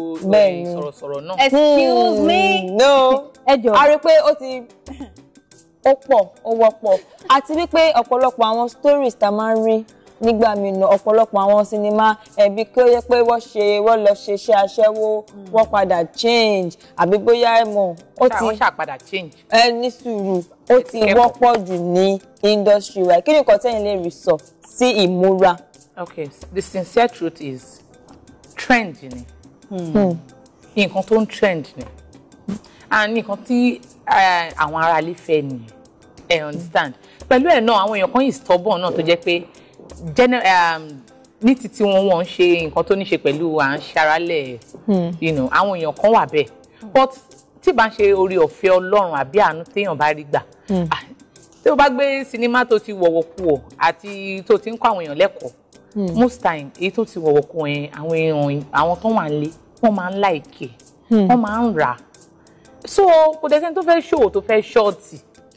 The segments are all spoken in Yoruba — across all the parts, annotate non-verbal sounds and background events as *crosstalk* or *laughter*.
sọ̀rọ̀sọ̀rọ̀ náà. excuse me. Hmm, no *laughs* a rí i pé ó ti ó pọ̀ ó wọ́pọ̀ àti wípé ọ̀pọ̀lọpọ̀ àwọn stories tá a máa ń rí nígbà mìíràn ọ̀pọ̀lọpọ̀ àwọn sinimá ẹ̀bí kí ó yẹ pé wọ́n ṣe wọ́n lọ ṣe iṣẹ́ aṣẹ́wó hmm. wọ́n padà change àbí bóyá ẹ mọ̀ ó ti wọ́n ṣàpadà change. ẹ ní sùúrù ó ti wọ́pọ̀ jù ní industry wa kí ni nǹkan tẹ́yìn lè rí sọ sí ìmúra. okay the sincere truth is trend ni. Hmm. nǹkan tó ń trend ni and ah, nǹkan tí eh, àwọn aráalé fẹ́ ni ẹ understand pẹ̀lú ẹ̀ náà àwọn èèyàn kan yìí stubborn náà tó jẹ́ pé um, ní títí wọn wọn ń ṣe nǹkan tó ní ṣe pẹ̀lú à ń ṣaralẹ̀ hmm. àwọn èèyàn kan wà bẹ́ẹ̀ but tí bá ń ṣe orí ọ̀fẹ́ ọlọ́run àbí àánú téèyàn bá rí gbà hmm. ah, tí o bá gbé sinimá tó ti wọ̀wọ̀ kú ọ̀ àti tó ti ń kọ́ àwọn èèyàn lẹ́kọ̀ọ́ Hmm. most time èyí tó ti wọ̀wọ̀ kàn yẹn àwọn èèyàn àwọn tó wà nílé wọ́n máa ń láìkè hmm. wọ́n máa ń rà so kò dẹ́sẹ̀ tó fẹ́ ṣòwò tó fẹ́ ṣọ́ọ̀tì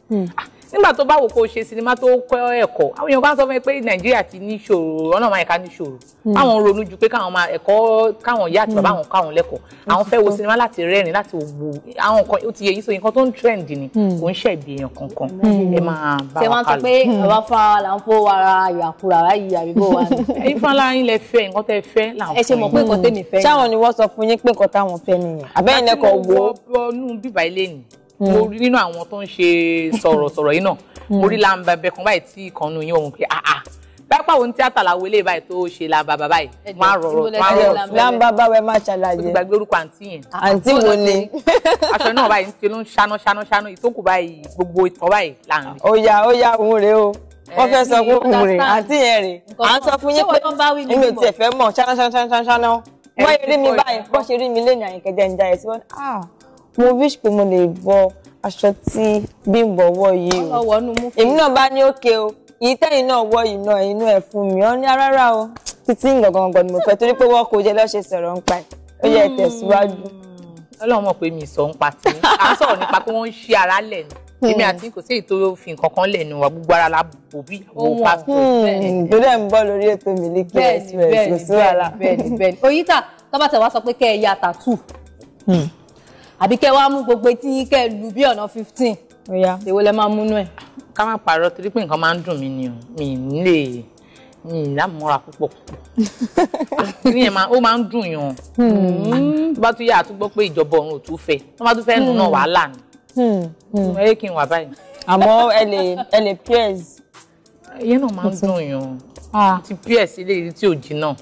hmm. ah, nígbà tó bá wò kó o ṣe sinimá tó kọ́ ẹ̀kọ́ àwọn èèyàn kan sọ fún mi pé nàìjíríà ti ní ìṣòro ọ̀nà máa ẹ̀ka ní ìṣòro àwọn hmm. ronú ju pé káwọn máa ẹ̀kọ́ káwọn ìyá àti bàbá hmm. àwọn káwọn lẹ́kọ̀ọ́ àwọn fẹ́ wo hmm. sinimá láti rẹ́rìn láti wo àwọn nǹkan ó ti yẹ yìí so nǹkan tó ń trend ni kò ń ṣẹ̀bi èèyàn kankan ẹ máa bá wa kálọ. ṣé wọ́n sọ pé bàbá fara là ń fó ara ìyàkúrà báyìí àbíbó wa ni. ẹ̀yin *laughs* fara yín lẹ fẹ́ nǹkan tẹ́ fẹ́ là ń mo hmm. nínú àwọn tó ń ṣe sọ̀rọ̀sọ̀rọ̀ yìí náà hmm. mo rí lambẹ̀bẹ̀ kan báyìí tí ìkànnù yín òun pé àà pápá òun tíátà làwọn eléyìí báyìí tó ṣe làbàbà báyìí máa rọrọ máa rọrọ sílẹ̀ làbàbà wẹ máa ṣàlàyé o ti gbàgbé orúkọ àǹtí yẹn. àǹtí wo ni. aṣọ náà báyìí ń ṣe ló ń ṣáná ṣáná ṣáná ìtókù báyìí gbogbo ìtọ́ báyìí là ń rí. ó yá ó yá òun rèé o wọ́n fẹ́ sọ pé òun rèé àǹtí yẹn rèé à ń sọ fún yín pé èmi ò tiẹ̀ fẹ́ mọ̀ ṣáná ṣáná ṣáná ṣáná wọ́n ṣe rí mi báyìí wọ́n ṣe rí mi lé mo wish pé mo lè wọ aṣọ tí Bímbọ́ wọ̀ yìí o èmi náà bá ní òkè o yìí tẹ́yìn náà wọ yìí náà inú ẹ̀ fún mi ọ́ ní ah, rárá o títí gangan ni mo fẹ́ torí pé wọ́n kò jẹ́ lọ́ọ́ ṣe sọ̀rọ̀ ń pa ẹ̀ ó yẹ tẹ̀síwájú. Hmm. Ọlọ́run mọ̀ pé mi sọ ń pa tí a sọ̀rọ̀ nípa pé wọ́n ń ṣí ara lẹ̀ ni hmm. èmi àti kò sí ètò òfin kankan lẹ́nu wa gbogbo ara la bò bí àwọn hmm. pásítọ̀ ìgbélé ń bọ̀ lórí ètò Miliki Express kò sí wàhálà. Oyita tọ́bàtẹ̀ wá sọ pé kẹ́ ẹ ya tàtù àbí kẹ́ wá mú gbogbo etí kẹ́ lu bí ọ̀nà fifteen èwo lẹ máa múnú ẹ̀. ká má parọ́ torí pé nǹkan máa ń dùn mí ni o mi ì lè mi ì lámúra púpọ̀ púpọ̀ *laughs* ìyẹn ó máa ń dùn yàn tó hmm. bá tún yà á tún gbọ́ pé ìjọba ọ̀run ò tún fẹ́ tó bá tún fẹ́ nù náà hmm. wàhálà ni hmm. ẹ kí n wà báyìí. àmọ́ ẹ lè ẹ lè pears. ìyẹn náà máa ń dùn yàn ah. ti pears ilé ìdí tí náà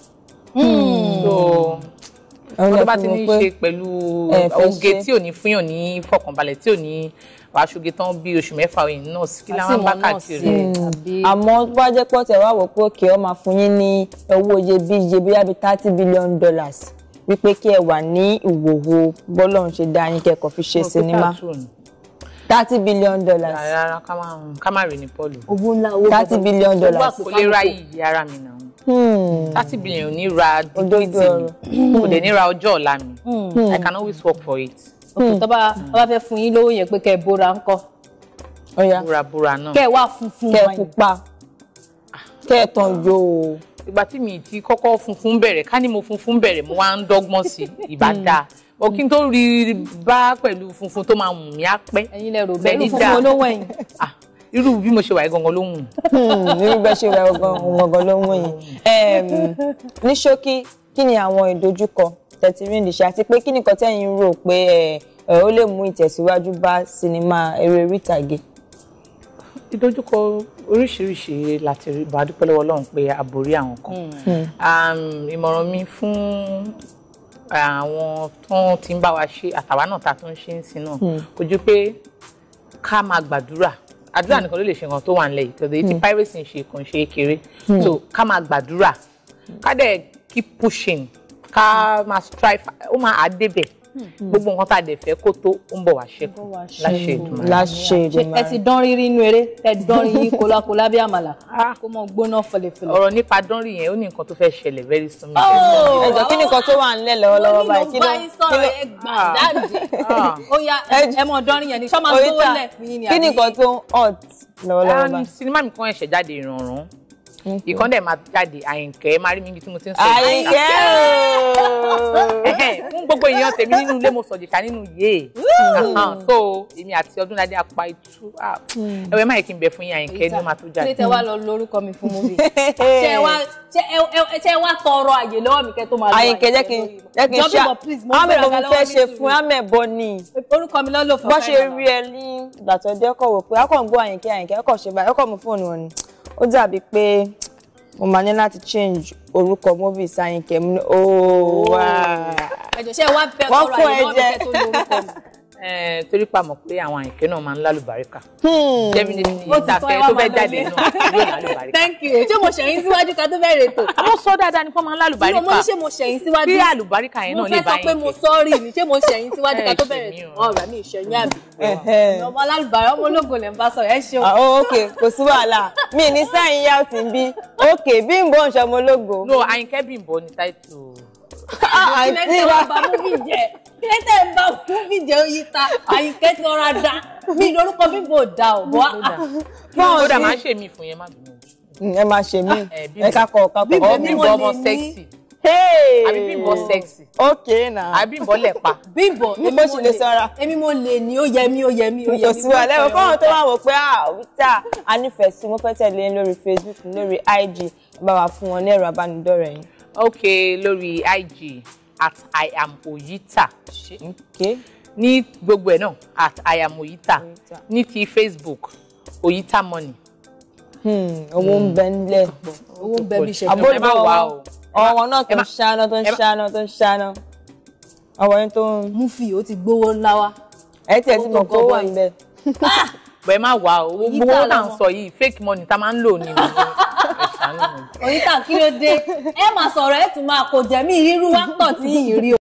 wọn tó bá ti ní í ṣe pẹ̀lú eh, oge tí ò ní fúnyàn ní ìfọkànbalẹ̀ tí ò ní wàá ṣoge tán bí oṣù mẹ́fà òyìn náà kí láwọn bá káàkiri. àmọ́ bá jẹ́ pọ̀ tẹ̀ wá wò pé kí ọ máa fún yín ní owó iyebíye bí i thirty billion dollars wípé kí ẹ wà ní ìwòwò bọ́lọ́run ṣe dá yín kẹ́kọ̀ọ́ fi ṣe sinimá thirty billion dollars. rárá ká má rìn ní pọ́ọ̀lù. owó ńlá owó bọ̀ thirty billion dollars. owó àpòlérà yìí ara mi náà. Hmm. thirty billion ò ní ra dignity mi kò dẹ̀ ní ra ọjọ́ ọ̀la mi hmm. i can always work for it. òkè hmm. tó bá bá fẹ́ fún yín lówó yẹn pé kẹ́ ẹ bóra ń kọ́. bóra bóra náà kẹ́ ẹ wá funfun kẹ́ ẹ pupa kẹ́ ẹ tàn yó o. ìgbà tí mi ti kọ́kọ́ funfun bẹ̀rẹ̀ ká ní mo funfun bẹ̀rẹ̀ mo wá ń dọ́gbọ́n sí ìbá dáa o kí n tó rí bá pẹ̀lú funfun tó máa wù mí á pẹ́. ẹ̀yin lẹ rò bẹ́ẹ̀ ní funfun olówó ẹ̀yìn. Ah irú bí mo ṣe wà gangan ló ń wù. Hmm, irú bẹ́ẹ̀ ṣe wà gangan ló ń wù yín. ní ṣókí kí ni àwọn ìdojúkọ tẹ̀tí rí ìdíṣẹ́ àti pé kí nìkan tẹ́yìn rò pé ó lè mú ìtẹ̀síwájú bá sinimá eré orí ìtàgé. ìdojúkọ oríṣiríṣi láti rí bá dúpẹ́ lọ́wọ́ Ọlọ́run pé a borí àwọn kan. Hmm. Hmm. ìmọ̀ràn mi fún àwọn tó ti ń bá wa ṣe àtàwa náà ta tó ń ṣe ń sin náà kò ju pé ká máa gbàdúrà àdúrà hmm. nìkan ló lè ṣe nǹkan wà nílẹ̀ yìí tọ́jú hmm. piracy ń ṣe kàn ṣe kéré hmm. so ká máa gbàdúrà ká dẹ̀ keep pushing ká máa strive ó máa àdébẹ̀ Hmm. gbogbo nǹkan tá a dẹ̀ fẹ́ kó tó ń bọ̀ wá ṣẹ́kù láṣẹ ìdùnnú. láṣẹ ìdùnnú. ẹ ti dánrí rí inú eré ẹ dánrí yín kólákólá bí àmàlà ah. kó mọ gbóná fẹlẹfẹlẹ. ọ̀rọ̀ nípa dánrí yẹn ó ní nǹkan tó fẹ́ ṣẹlẹ̀ very soon. Oh! ẹ jọ kí ni nǹkan tó wà nílẹ̀ lọ́wọ́lọ́wọ́ báyìí kí ló kí ló kí ni nǹkan tó hot lọ́wọ́lọ́wọ́ um, báyìí. sinimá mi kan ẹ̀ṣẹ̀ jáde ìrànràn ìkan dẹ̀ máa jáde àyìnkẹ́ máa rí mi ibi tí mo ti ń sọ àyìnkẹ́ fún gbogbo èèyàn tèmi nínú ilé mo sọ̀jìṣà nínú yé so èmi àti ọdúnládé apá itú hmm. ẹwẹ́ máa kí n bẹ fún yín àyìnkẹ́ ní màá tó jáde. kí ni tẹ wá lọ lórúkọ mi fún móvì ṣe wá tọrọ àyè lọ́wọ́ mi kẹ́ tó máa lọ àyìnkẹ́ jẹ́ kí n jẹ́ kí n ṣe àmẹ́bọ̀ mi fẹ́ ṣe fún àmẹ́bọ̀ ni orúkọ mi lọ́lọ́ fún bọ́ ṣe rí ẹ ní ìgbà tó dé ọkọ̀ wò pé akọ̀ ń gbọ́ àyìnkẹ́ àyìnkẹ́ ọkọ̀ ṣe báyìí ọkọ̀ mú fóònù wọn ni ó dàbí pé mo máa ní láti change orúkọ movie sáyìnkẹ́ mi ní ooo wá. ẹ̀jọ̀ ṣe wá bẹ́ẹ̀ kọ́ra ìlú ọ̀dọ̀ kẹ́ tó lórúkọ mi. Eh, torí pa mọ̀ pé àwọn àyìnkẹ́ náà máa ń lálùbáríkà. Hmm. jẹ́mi ni ìtàfẹ́ tó fẹ́ jáde náà yóò lálùbáríkà. thank you ṣé mo ṣẹ̀yìn síwájú ká tó bẹ̀rẹ̀ ètò. àwọn *laughs* sọ dáadáa ni kò máa ń lálùbáríkà. mo ní ṣé mo ṣẹ̀yìn síwájú. bí àlùbáríkà yẹn náà lè bá yín pé. mo fẹ́ sọ pé mo sọ́ọ̀rì ni ṣé mo ṣẹ̀yìn síwájú ká tó bẹ̀rẹ̀ ètò. ọ̀rọ̀ mi ìṣẹ̀yìn àbí. ọmọ lálùbáríkà ọmọ ológo lè ah, oh, ok kò sí wàhálà mi ní sáyìn yá òtí ń bí ok Bímbọ́ kílẹ̀tẹ̀ ń bá múfì jẹ́ oyin ta àyíkẹ́ tí ọ̀rá da mi lórúkọ bíbò da ò bọ́. kódà máa ń ṣe mí fún yẹn má bínú. ẹ máa ṣe mí ah, eh, ẹ kakọ kakọ ọ bíbọ ọmọ sexy. àbí bíbọ sexy. ok na. àbí bíbọ lẹpa. bíbọ èmi mo lè sọra. èmi mo lè ní ó yẹ mí ó yẹ mí ó yẹ mí. ìtòsí wa lẹ́wọ̀n fọ́nrán tó wà wò pé àwítà ah, a nífẹ̀ẹ́ sí mo fẹ́ tẹ̀lé lórí Facebook lórí IG bá wa fún wọn ní ẹ̀rọ abánidọ́rẹ̀ẹ́ yìí. IG at i am oyita ní gbogbo ẹ̀ náà at i am oyita ní ti facebook oyita money. Hmm, owó ń bẹ nílẹ̀ hmm. owó ń bẹ bí ṣe tó ẹ má wà o. ọwọ́ náà tó ń ṣáná tó ń ṣáná tó ń ṣáná ọwọ́ yẹn tó ń. mufi ó ti gbówó ńlá wa. ẹ tiẹ̀ ti mọ̀ kó wà níbẹ̀. bẹ́ẹ̀ má wà o owó náà sọ yìí fake money tá a máa ń lò nínú. *laughs* oyin ta kí ló dé ẹ máa sọ̀rọ̀ ẹ tún máa kò jẹ̀mí ríru wá pọ̀ tí ìrì